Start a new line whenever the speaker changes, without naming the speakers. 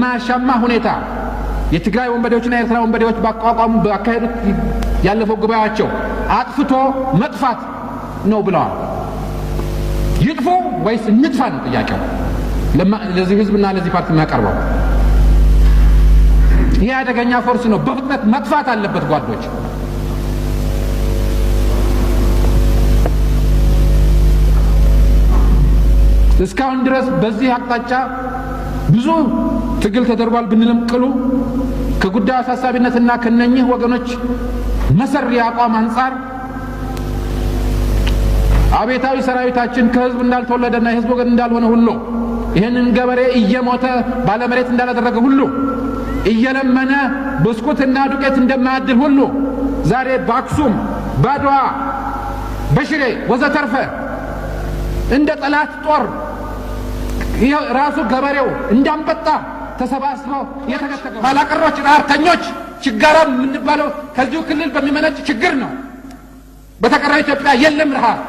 ማያሻማ ሁኔታ የትግራይ ወንበዴዎችና የኤርትራ ወንበዴዎች ባቋቋሙ ባካሄዱት ያለፈው ጉባኤያቸው አጥፍቶ መጥፋት ነው ብለዋል። ይጥፉ ወይስ እንጥፋ ነው ጥያቄው ለዚህ ህዝብና ለዚህ ፓርቲ የሚያቀርበው። ይህ አደገኛ ፎርስ ነው፣ በፍጥነት መጥፋት አለበት ጓዶች። እስካሁን ድረስ በዚህ አቅጣጫ ብዙ ትግል ተደርጓል ብንልም ቅሉ ከጉዳዩ አሳሳቢነትና ከነኚህ ወገኖች መሰሪ አቋም አንጻር አቤታዊ ሰራዊታችን ከህዝብ እንዳልተወለደና የህዝብ ወገን እንዳልሆነ ሁሉ ይህንን ገበሬ እየሞተ ባለመሬት እንዳላደረገ ሁሉ እየለመነ ብስኩትና ዱቄት እንደማያድል ሁሉ ዛሬ በአክሱም በአድዋ በሽሬ ወዘተርፈ እንደ ጠላት ጦር ራሱ ገበሬው እንዳንበጣ ተሰባስቦ የተከተቀ ኋላቀሮች ረሀብተኞች፣ ችጋራ የምንባለው ከዚሁ ክልል በሚመነጭ ችግር ነው። በተቀረው ኢትዮጵያ የለም ረሃብ።